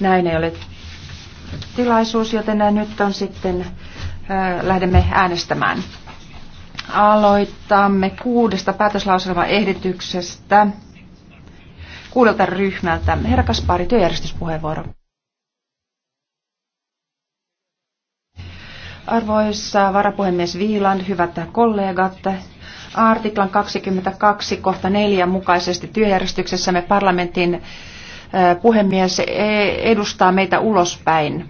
Näin ei ole tilaisuus, joten nyt on sitten, äh, lähdemme äänestämään. Aloitamme kuudesta päätöslauselmaehdityksestä kuudelta ryhmältä. Herra Kaspari, työjärjestyspuheenvuoro. Arvoisa varapuhemies Viilan, hyvät kollegat, artiklan 22 kohta 4 mukaisesti työjärjestyksessämme parlamentin puhemies e, edustaa meitä ulospäin.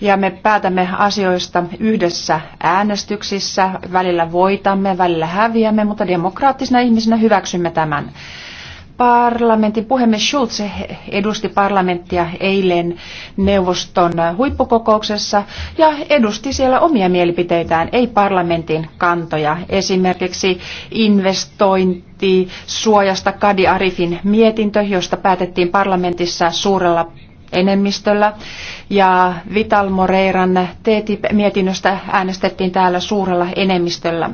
Ja me päätämme asioista yhdessä äänestyksissä. Välillä voitamme, välillä häviämme, mutta demokraattisina ihmisinä hyväksymme tämän. Parlamentin puhemies Schulz edusti parlamenttia eilen neuvoston huippukokouksessa ja edusti siellä omia mielipiteitään, ei parlamentin kantoja. Esimerkiksi investointi, suojasta Kadi Arifin mietintö, josta päätettiin parlamentissa suurella enemmistöllä. Ja Vital Moreiran TTIP-mietinnöstä äänestettiin täällä suurella enemmistöllä.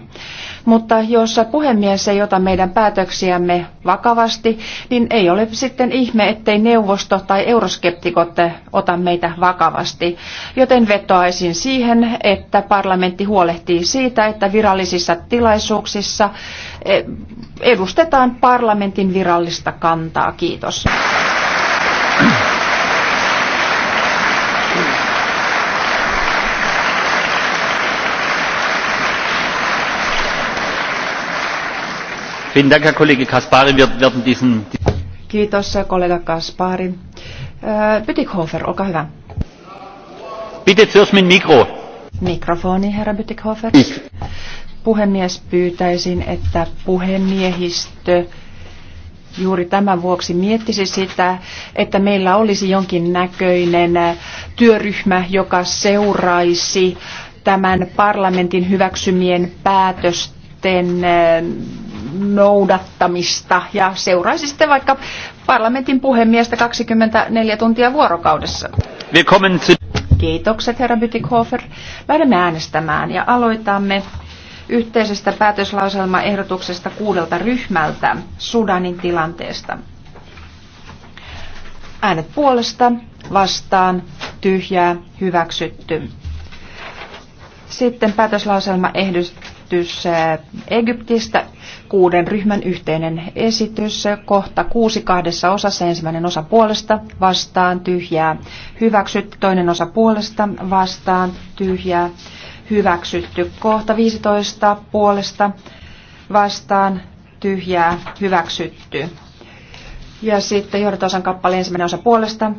Mutta jos puhemies ei ota meidän päätöksiämme vakavasti, niin ei ole sitten ihme, ettei neuvosto tai euroskeptikot ota meitä vakavasti. Joten vetoaisin siihen, että parlamentti huolehtii siitä, että virallisissa tilaisuuksissa eh, edustetaan parlamentin virallista kantaa. Kiitos. Kiitos kollega Kaspari. Äh, Bütikhofer, olkaa hyvä. Bitte zuerst mit Mikro. Mikrofoni, herra Bütikhofer. Puhemies pyytäisin, että puhemiehistö juuri tämän vuoksi miettisi sitä, että meillä olisi jonkin näköinen työryhmä, joka seuraisi tämän parlamentin hyväksymien päätösten noudattamista ja seuraisi sitten vaikka parlamentin puhemiestä 24 tuntia vuorokaudessa. Kiitokset, herra Bütikhofer. Lähdemme äänestämään ja aloitamme yhteisestä päätöslauselmaehdotuksesta kuudelta ryhmältä Sudanin tilanteesta. Äänet puolesta, vastaan, tyhjää, hyväksytty. Sitten päätöslauselmaehdotus eh, Egyptistä kuuden ryhmän yhteinen esitys. Kohta kuusi kahdessa osassa ensimmäinen osa puolesta vastaan tyhjää hyväksytty. Toinen osa puolesta vastaan tyhjää hyväksytty. Kohta 15 puolesta vastaan tyhjää hyväksytty. Ja sitten johdatosan kappale ensimmäinen osa puolesta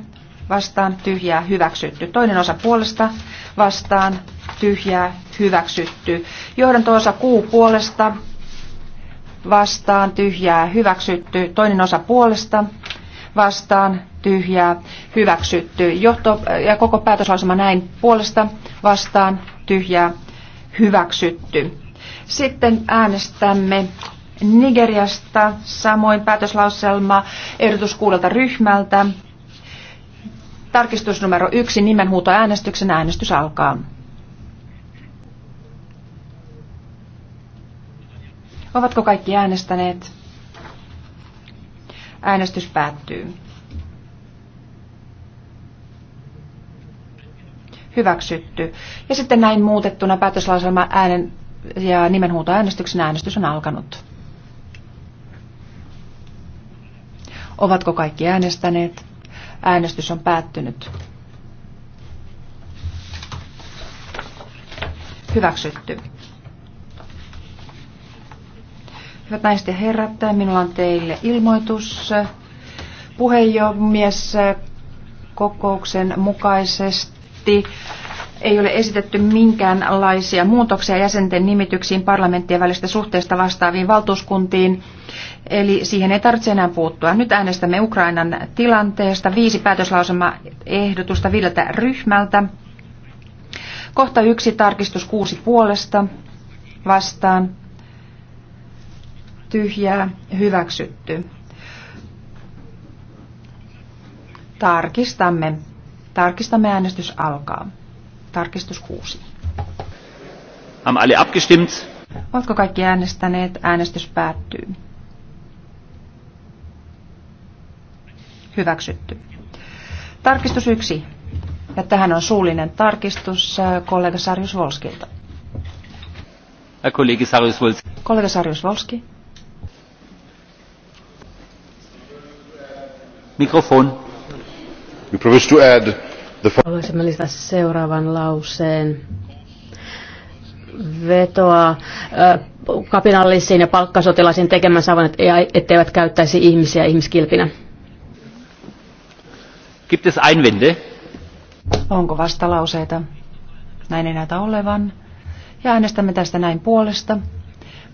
vastaan tyhjää hyväksytty. Toinen osa puolesta vastaan tyhjää hyväksytty. Johdanto osa kuu puolesta vastaan tyhjää hyväksytty, toinen osa puolesta vastaan tyhjää hyväksytty. Johto, ja koko päätöslausuma näin puolesta vastaan tyhjää hyväksytty. Sitten äänestämme Nigeriasta, samoin päätöslauselma ehdotus kuudelta ryhmältä. Tarkistus numero yksi, nimenhuuto äänestyksen äänestys alkaa. Ovatko kaikki äänestäneet? Äänestys päättyy. Hyväksytty. Ja sitten näin muutettuna päätöslauselma äänen ja nimenhuutoäänestyksen äänestys on alkanut. Ovatko kaikki äänestäneet? Äänestys on päättynyt. Hyväksytty. Hyvät naiset ja herrat, minulla on teille ilmoitus puheenjohtajamies kokouksen mukaisesti. Ei ole esitetty minkäänlaisia muutoksia jäsenten nimityksiin parlamenttien välistä suhteesta vastaaviin valtuuskuntiin, eli siihen ei tarvitse enää puuttua. Nyt äänestämme Ukrainan tilanteesta viisi päätöslausema-ehdotusta viideltä ryhmältä. Kohta yksi tarkistus kuusi puolesta vastaan tyhjää hyväksytty. Tarkistamme. Tarkistamme äänestys alkaa. Tarkistus 6. Haben alle abgestimmt? Oletko kaikki äänestäneet? Äänestys päättyy. Hyväksytty. Tarkistus 1. Ja tähän on suullinen tarkistus äh, kollega Sarjus Volskilta. Kollega Sarjus Volski. Haluaisimme lisätä seuraavan lauseen vetoa kapinallisiin ja palkkasotilaisiin tekemään saavan, etteivät käyttäisi ihmisiä ihmiskilpinä. Gibt es Einwände? Onko vastalauseita? Näin ei näytä olevan. Ja äänestämme tästä näin puolesta,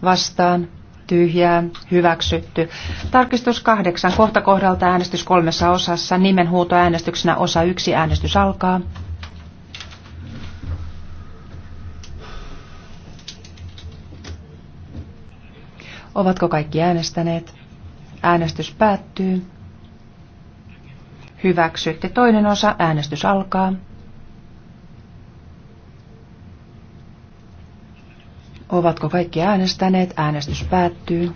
vastaan, tyhjää, hyväksytty. Tarkistus kahdeksan, kohta kohdalta äänestys kolmessa osassa, nimenhuuto äänestyksenä osa yksi, äänestys alkaa. Ovatko kaikki äänestäneet? Äänestys päättyy. Hyväksytte Toinen osa. Äänestys alkaa. Ovatko kaikki äänestäneet? Äänestys päättyy.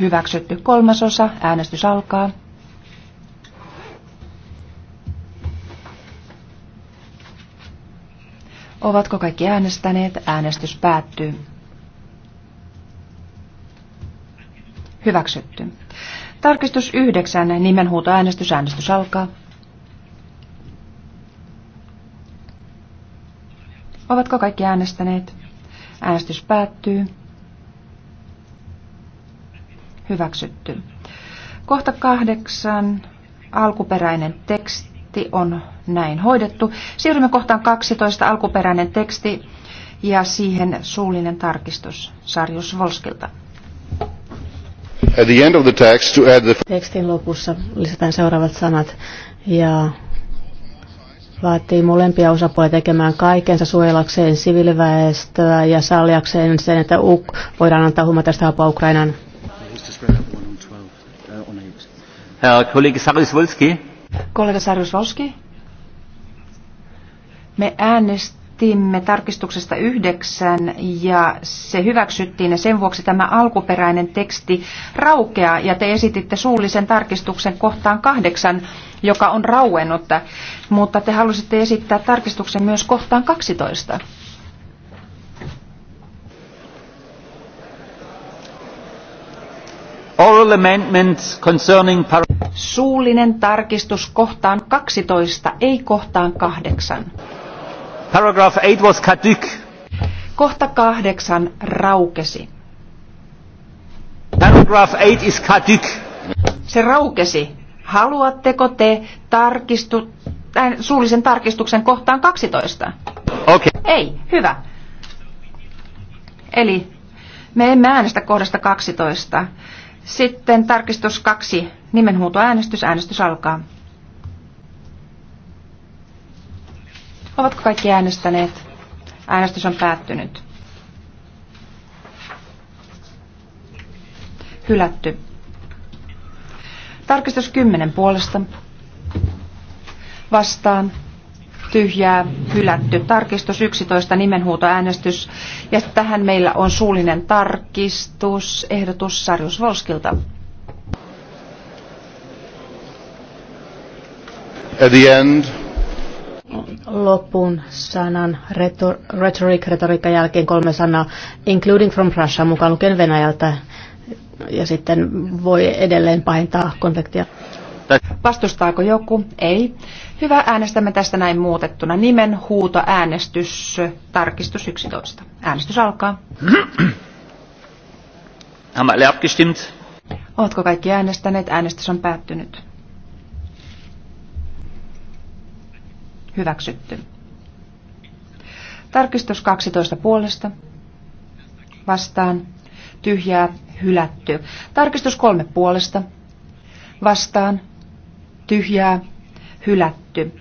Hyväksytty kolmasosa. Äänestys alkaa. Ovatko kaikki äänestäneet? Äänestys päättyy. Hyväksytty. Tarkistus yhdeksän. Nimenhuutoäänestys. Äänestys alkaa. Ovatko kaikki äänestäneet? Äänestys päättyy. Hyväksytty. Kohta kahdeksan. Alkuperäinen teksti on näin hoidettu. Siirrymme kohtaan 12. Alkuperäinen teksti ja siihen suullinen tarkistus Sarjus Volskilta. At the end of the text, to add the... Tekstin lopussa lisätään seuraavat sanat ja vaatii molempia osapuolia tekemään kaikensa suojelakseen siviiliväestöä ja salliakseen sen, että UK voidaan antaa humanitaarista apua Ukrainaan. Uh, Herr Kollege wolski Kollega Sarjus-Wolski. Me äänestämme äänestimme tarkistuksesta yhdeksän ja se hyväksyttiin ja sen vuoksi tämä alkuperäinen teksti raukeaa ja te esititte suullisen tarkistuksen kohtaan kahdeksan, joka on rauennut, mutta te halusitte esittää tarkistuksen myös kohtaan 12. Oral amendments concerning Suullinen tarkistus kohtaan 12, ei kohtaan 8. Paragraph 8 was caduc. Kohta kahdeksan raukesi. Paragraph 8 is caduc. Se raukesi. Haluatteko te tarkistu, äh, suullisen tarkistuksen kohtaan 12? Okei. Okay. Ei, hyvä. Eli me emme äänestä kohdasta 12. Sitten tarkistus 2. Nimenhuutoäänestys. Äänestys alkaa. Ovatko kaikki äänestäneet? Äänestys on päättynyt. Hylätty. Tarkistus 10 puolesta. Vastaan. Tyhjää. Hylätty. Tarkistus 11 nimenhuutoäänestys. Ja tähän meillä on suullinen tarkistus. Ehdotus Sarjus Volskilta. At the end, lopun sanan retor, rhetoric, retoriikan jälkeen kolme sanaa, including from Russia, mukaan lukien Venäjältä, ja sitten voi edelleen pahentaa konfliktia. Vastustaako joku? Ei. Hyvä, äänestämme tästä näin muutettuna. Nimen huuto äänestys, tarkistus 11. Äänestys alkaa. Haben alle abgestimmt? Oletko kaikki äänestäneet? Äänestys on päättynyt. Hyväksytty. Tarkistus 12 puolesta. Vastaan. Tyhjää. Hylätty. Tarkistus 3 puolesta. Vastaan. Tyhjää. Hylätty.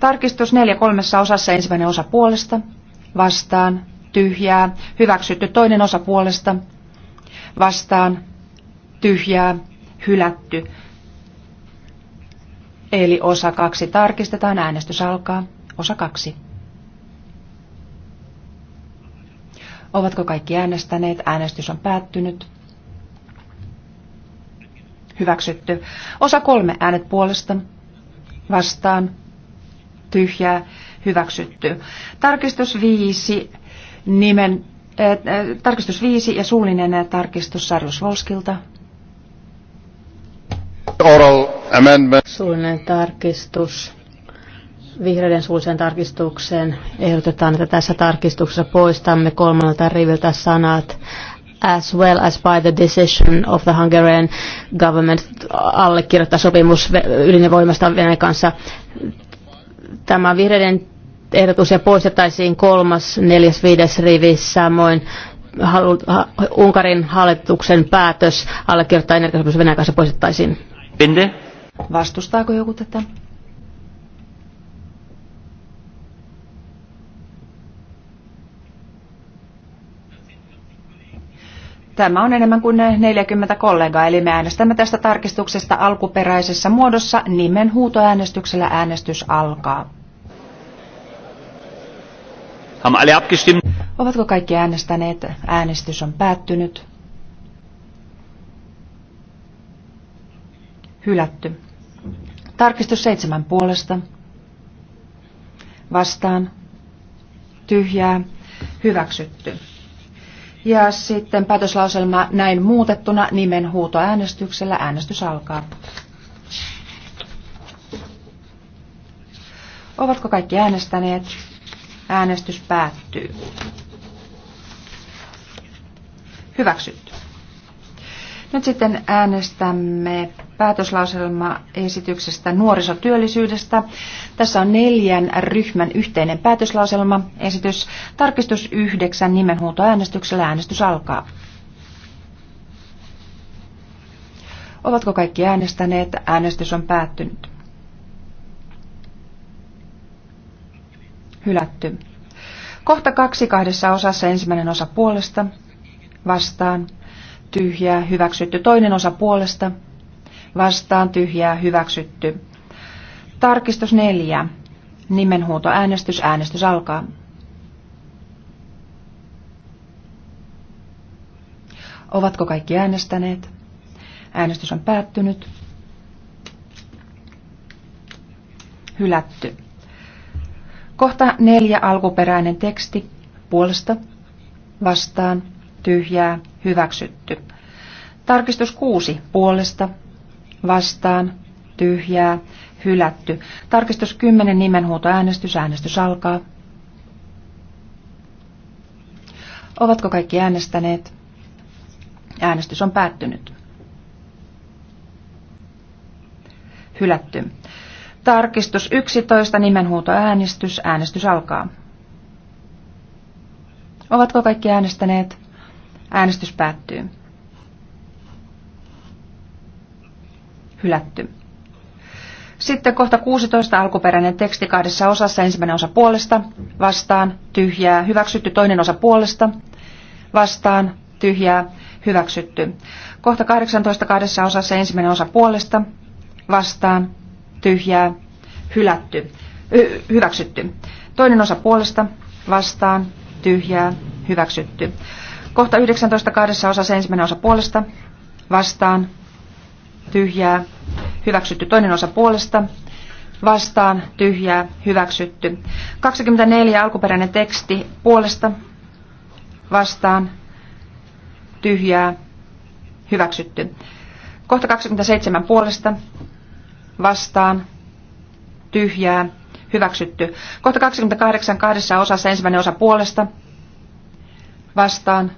Tarkistus 4 kolmessa osassa ensimmäinen osa puolesta. Vastaan. Tyhjää. Hyväksytty toinen osa puolesta. Vastaan. Tyhjää. Hylätty Eli osa kaksi tarkistetaan. Äänestys alkaa. Osa kaksi. Ovatko kaikki äänestäneet? Äänestys on päättynyt. Hyväksytty. Osa kolme. Äänet puolesta. Vastaan. Tyhjää. Hyväksytty. Tarkistus viisi. Nimen, äh, tarkistus viisi ja suullinen tarkistus Sarjus Volskilta. Oral Amendment. Suullinen tarkistus. Vihreiden suulliseen tarkistukseen ehdotetaan, että tässä tarkistuksessa poistamme kolmannelta riviltä sanat as well as by the decision of the Hungarian government allekirjoittaa sopimus ydinvoimasta Venäjän kanssa. Tämä vihreiden ehdotus ja poistettaisiin kolmas, neljäs, viides rivi, samoin halu, ha, Unkarin hallituksen päätös allekirjoittaa energiasopimus Venäjän kanssa poistettaisiin. Binde? Vastustaako joku tätä? Tämä on enemmän kuin 40 kollegaa, eli me äänestämme tästä tarkistuksesta alkuperäisessä muodossa. Nimen huutoäänestyksellä äänestys alkaa. Haben alle abgestimmt? Ovatko kaikki äänestäneet? Äänestys on päättynyt. Hylätty. Tarkistus seitsemän puolesta. Vastaan. Tyhjää. Hyväksytty. Ja sitten päätöslauselma näin muutettuna nimen huutoäänestyksellä. Äänestys alkaa. Ovatko kaikki äänestäneet? Äänestys päättyy. Hyväksytty. Nyt sitten äänestämme päätöslauselma esityksestä nuorisotyöllisyydestä. Tässä on neljän ryhmän yhteinen päätöslauselma esitys. Tarkistus yhdeksän nimenhuutoäänestyksellä äänestys alkaa. Ovatko kaikki äänestäneet? Äänestys on päättynyt. Hylätty. Kohta kaksi kahdessa osassa ensimmäinen osa puolesta, vastaan, tyhjää, hyväksytty toinen osa puolesta, vastaan tyhjää hyväksytty. Tarkistus neljä Nimenhuuto äänestys. Äänestys alkaa. Ovatko kaikki äänestäneet? Äänestys on päättynyt. Hylätty. Kohta neljä alkuperäinen teksti puolesta vastaan tyhjää hyväksytty. Tarkistus kuusi puolesta vastaan, tyhjää, hylätty. Tarkistus 10 nimenhuuto, äänestys alkaa. Ovatko kaikki äänestäneet? Äänestys on päättynyt. Hylätty. Tarkistus 11, äänestys, äänestys alkaa. Ovatko kaikki äänestäneet? Äänestys päättyy. hylätty. Sitten kohta 16 alkuperäinen teksti kahdessa osassa. Ensimmäinen osa puolesta, vastaan, tyhjää, hyväksytty. Toinen osa puolesta, vastaan, tyhjää, hyväksytty. Kohta 18 kahdessa osassa. Ensimmäinen osa puolesta, vastaan, tyhjää, hylätty, y- hyväksytty. Toinen osa puolesta, vastaan, tyhjää, hyväksytty. Kohta 19 kahdessa osassa. Ensimmäinen osa puolesta, vastaan, tyhjää, hyväksytty. Toinen osa puolesta, vastaan, tyhjää, hyväksytty. 24 alkuperäinen teksti puolesta, vastaan, tyhjää, hyväksytty. Kohta 27 puolesta, vastaan, tyhjää, hyväksytty. Kohta 28 kahdessa osassa ensimmäinen osa puolesta, vastaan,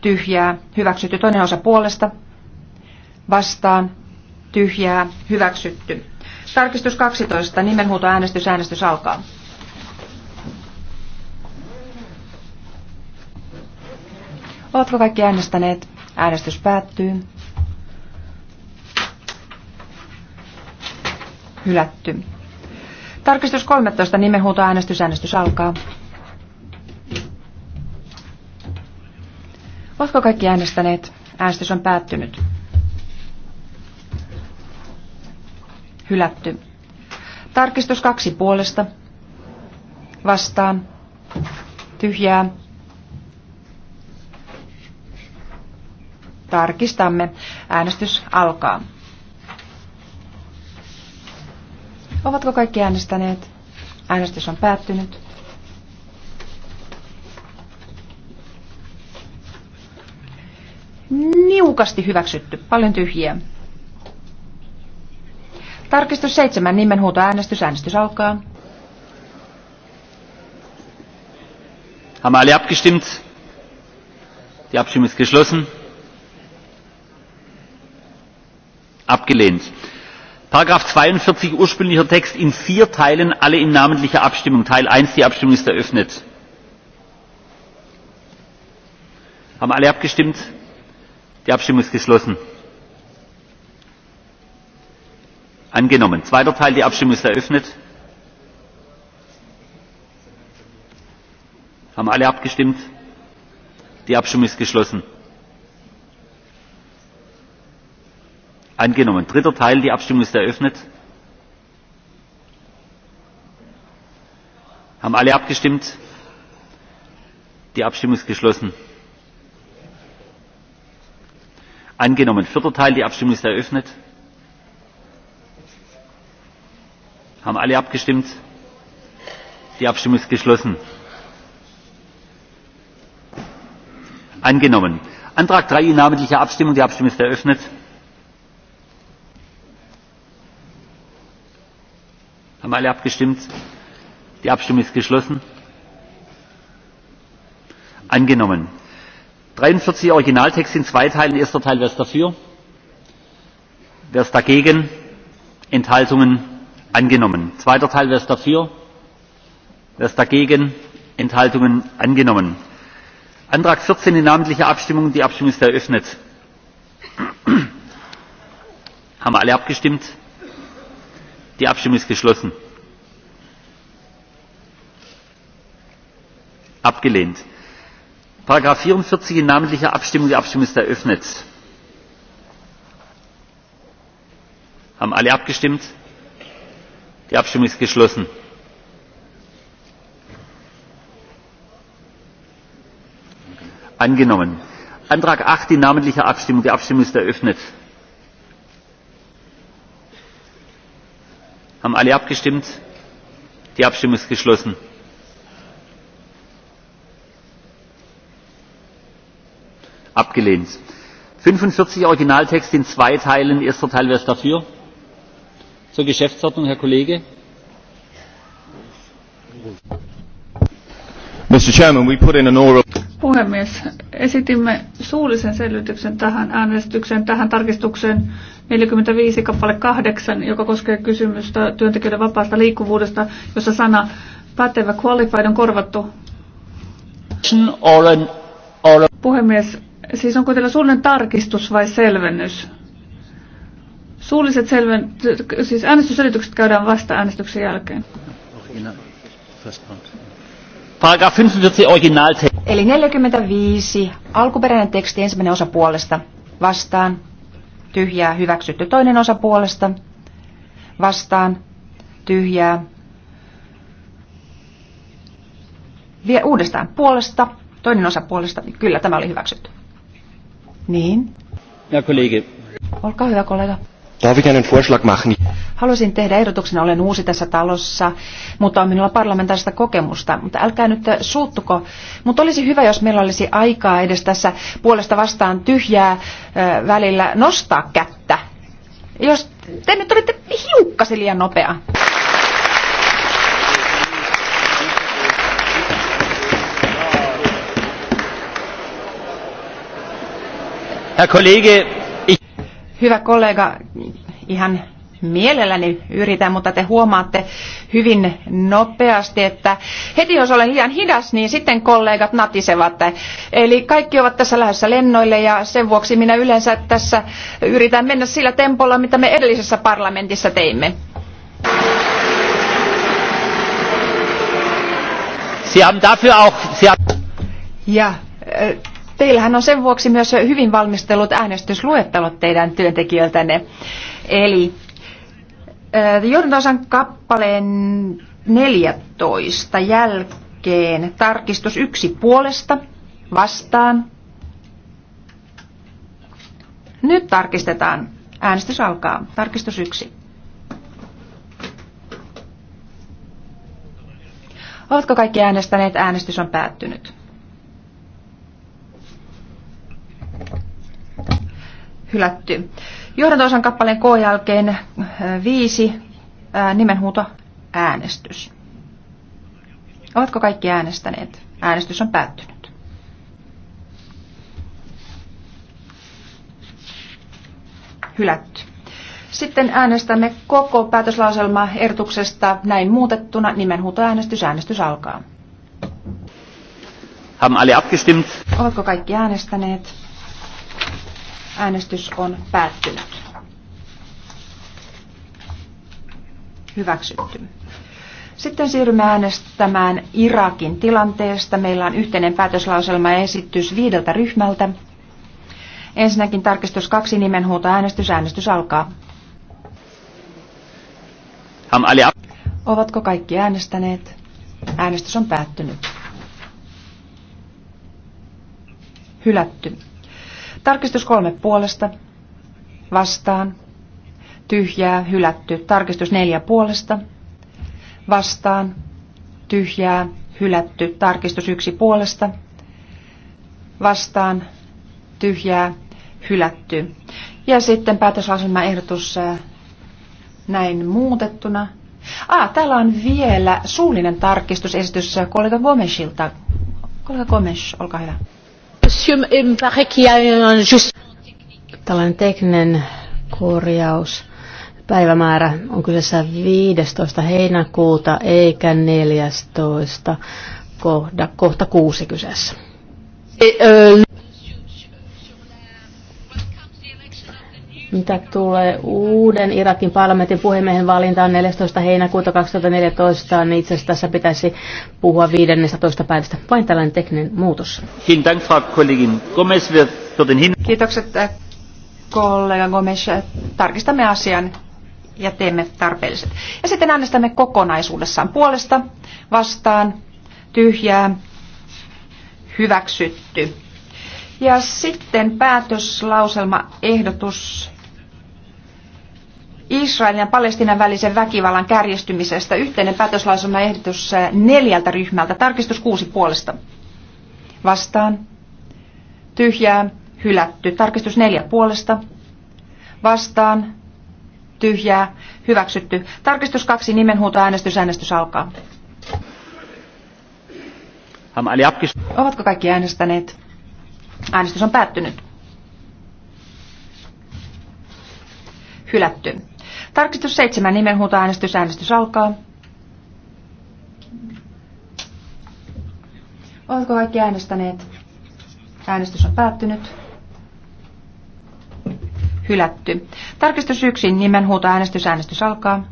tyhjää, hyväksytty. Toinen osa puolesta, vastaan, tyhjää, hyväksytty. Tarkistus 12, nimenhuuto äänestys alkaa. Oletko kaikki äänestäneet? Äänestys päättyy. Hylätty. Tarkistus 13, nimenhuuto äänestys alkaa. Oletko kaikki äänestäneet? Äänestys on päättynyt. Hylätty. Tarkistus kaksi puolesta. Vastaan. Tyhjää. Tarkistamme. Äänestys alkaa. Ovatko kaikki äänestäneet? Äänestys on päättynyt. Niukasti hyväksytty. Paljon tyhjiä. Tarkistus seitsemän nimenhuutoäänestys. Äänestys alkaa. Haben alle abgestimmt? Die Abstimmung ist geschlossen. Abgelehnt. Paragraph 42 ursprünglicher Text in vier Teilen, alle in namentlicher Abstimmung. Teil 1, die Abstimmung ist eröffnet. Haben alle abgestimmt? Die Abstimmung ist geschlossen. angenommen. zweiter teil die abstimmung ist eröffnet. haben alle abgestimmt? die abstimmung ist geschlossen. angenommen. dritter teil die abstimmung ist eröffnet. haben alle abgestimmt? die abstimmung ist geschlossen. angenommen. vierter teil die abstimmung ist eröffnet. haben alle abgestimmt? die abstimmung ist geschlossen. angenommen. antrag drei in namentlicher abstimmung. die abstimmung ist eröffnet. haben alle abgestimmt? die abstimmung ist geschlossen. angenommen. 43 originaltext in zwei teilen. erster teil wer ist dafür? wer ist dagegen? enthaltungen? angenommen; zweiter teil wer ist dafür? wer ist dagegen? enthaltungen angenommen; antrag 14 in namentlicher abstimmung die abstimmung ist eröffnet. haben alle abgestimmt? die abstimmung ist geschlossen. abgelehnt; paragraph 44 in namentlicher abstimmung die abstimmung ist eröffnet. haben alle abgestimmt? die abstimmung ist geschlossen. angenommen. antrag acht die namentliche abstimmung. die abstimmung ist eröffnet. haben alle abgestimmt? die abstimmung ist geschlossen. abgelehnt. fünfundvierzig originaltext in zwei teilen. erster teil wer ist dafür? Zur Geschäftsordnung, Herr Kollege. Mr. Chairman, we put in an oral... Puhemies, esitimme suullisen selvityksen tähän äänestykseen, tähän tarkistukseen 45 kappale 8, joka koskee kysymystä työntekijöiden vapaasta liikkuvuudesta, jossa sana pätevä qualified on korvattu. Puhemies, siis onko teillä suullinen tarkistus vai selvennys? Suulliset selven, siis äänestysselitykset käydään vasta äänestyksen jälkeen. Paragraf 45 originaaltekst. Eli 45. Alkuperäinen teksti ensimmäinen osa puolesta. Vastaan. Tyhjää. Hyväksytty toinen osa puolesta. Vastaan. Tyhjää. Vie uudestaan puolesta. Toinen osa puolesta. Kyllä tämä oli hyväksytty. Niin. Ja kollegi. Olkaa hyvä kollega. Darf ich einen Vorschlag machen? Haluaisin tehdä ehdotuksen, olen uusi tässä talossa, mutta on minulla parlamentaarista kokemusta. Mutta älkää nyt äh, suuttuko. Mutta olisi hyvä, jos meillä olisi aikaa edes tässä puolesta vastaan tyhjää äh, välillä nostaa kättä. Jos te nyt olette hiukkasi liian nopea. Herr Kollege, Hyvä kollega, ihan mielelläni yritän, mutta te huomaatte hyvin nopeasti, että heti jos olen liian hidas, niin sitten kollegat natisevat. Eli kaikki ovat tässä lähdössä lennoille ja sen vuoksi minä yleensä tässä yritän mennä sillä tempolla, mitä me edellisessä parlamentissa teimme. Sie haben dafür auch, Sie haben ja äh, Teillähän on sen vuoksi myös hyvin valmistelut äänestysluettelot teidän työntekijöiltänne. Eli Jordan kappaleen 14 jälkeen tarkistus yksi puolesta vastaan. Nyt tarkistetaan. Äänestys alkaa. Tarkistus yksi. Oletko kaikki äänestäneet? Äänestys on päättynyt. hylätty. Johdantoosan kappaleen K jälkeen viisi nimenhuuto äänestys. Ovatko kaikki äänestäneet? Äänestys on päättynyt. Hylätty. Sitten äänestämme koko päätöslauselma ehdotuksesta näin muutettuna. Nimenhuutoäänestys. Äänestys alkaa. Haben alle abgestimmt? Ovatko kaikki äänestäneet? Äänestys on päättynyt. Hyväksytty. Sitten siirrymme äänestämään Irakin tilanteesta. Meillä on yhteinen päätöslauselma ja esitys viideltä ryhmältä. Ensinnäkin tarkistus kaksi nimenhuuto äänestys. Äänestys alkaa. Ovatko kaikki äänestäneet? Äänestys on päättynyt. Hylätty. Tarkistus kolme puolesta. Vastaan. Tyhjää. Hylätty. Tarkistus neljä puolesta. Vastaan. Tyhjää. Hylätty. Tarkistus yksi puolesta. Vastaan. Tyhjää. Hylätty. Ja sitten ehdotus äh, näin muutettuna. Ah, täällä on vielä suullinen tarkistusesitys äh, kollega Gomesilta. Kollega Gomes, olkaa hyvä. Tällainen tekninen korjaus. Päivämäärä on kyseessä 15. heinäkuuta eikä 14. kohta, kohta kuusi kyseessä. Euh, Mitä tulee uuden Irakin parlamentin puhemiehen valintaan 14. heinäkuuta 2014, niin itse asiassa tässä pitäisi puhua 15. päivästä. Vain tällainen tekninen muutos. Kiitokset äh, kollega Gomes. Tarkistamme asian ja teemme tarpeelliset. Ja sitten äänestämme kokonaisuudessaan puolesta, vastaan, tyhjää, hyväksytty. Ja sitten päätöslauselma ehdotus Israelin ja Palestiinan välisen väkivallan kärjistymisestä. Yhteinen ehdotus eh, neljältä ryhmältä. Tarkistus kuusi puolesta. Vastaan. Tyhjää. Hylätty. Tarkistus neljä puolesta. Vastaan. Tyhjää. Hyväksytty. Tarkistus kaksi. Nimenhuuto äänestys. Äänestys alkaa. Ovatko kaikki äänestäneet? Äänestys on päättynyt. Hylätty. Tarkistus 7. Nimenhuutoäänestys. Äänestys alkaa. Oletko kaikki äänestäneet? Äänestys on päättynyt. Hylätty. Tarkistus 1. Nimenhuutoäänestys. Äänestys alkaa.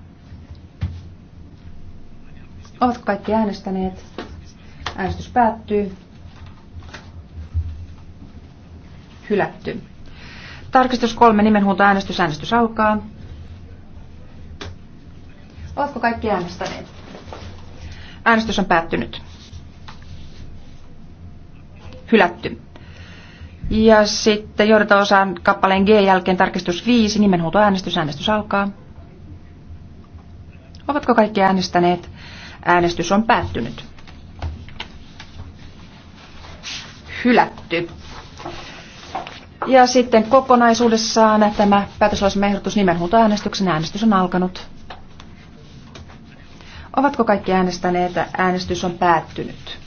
Oletko kaikki äänestäneet? Äänestys päättyy. Hylätty. Tarkistus 3. Nimenhuutoäänestys. Äänestys alkaa. Ovatko kaikki äänestäneet? Äänestys on päättynyt. Hylätty. Ja sitten johdetaan osaan kappaleen G jälkeen tarkistus 5, nimenhuuto äänestys alkaa. Ovatko kaikki äänestäneet? Äänestys on päättynyt. Hylätty. Ja sitten kokonaisuudessaan tämä nimenhuuto äänestyksen äänestys on alkanut. Ovatko kaikki äänestäneet? Äänestys on päättynyt.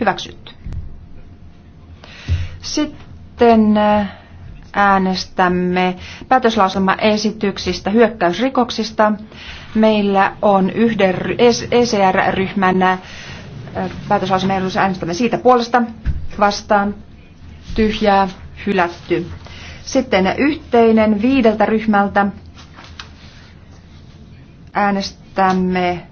Hyväksytty. Sitten äh, äänestämme päätöslauselmaesityksistä hyökkäysrikoksista. Meillä on yhden ECR-ryhmän e äh, päätöslauselmaehdotus äänestämme siitä puolesta vastaan tyhjää hylätty. Sitten yhteinen viideltä ryhmältä äänestämme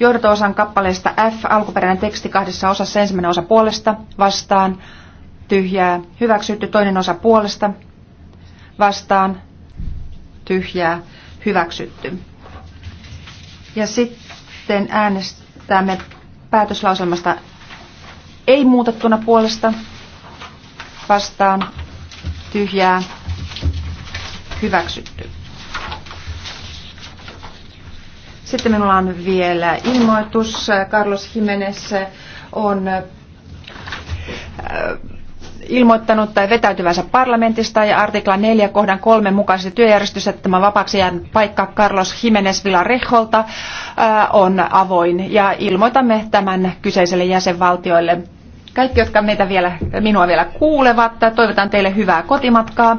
johdotoosan kappaleesta F, alkuperäinen teksti kahdessa osassa, ensimmäinen osa puolesta, vastaan, tyhjää, hyväksytty, toinen osa puolesta, vastaan, tyhjää, hyväksytty. Ja sitten äänestämme päätöslauselmasta ei muutettuna puolesta, vastaan, tyhjää hyväksytty. Sitten minulla on vielä ilmoitus. Carlos Jimenez on äh, ilmoittanut tai vetäytyvänsä parlamentista ja artikla 4 kohdan 3 mukaisesti työjärjestys, että tämä vapaaksi jään paikka Carlos Jimenez Villarejolta äh, on avoin ja ilmoitamme tämän kyseiselle jäsenvaltioille. Kaikki, jotka meitä vielä, minua vielä kuulevat, toivotan teille hyvää kotimatkaa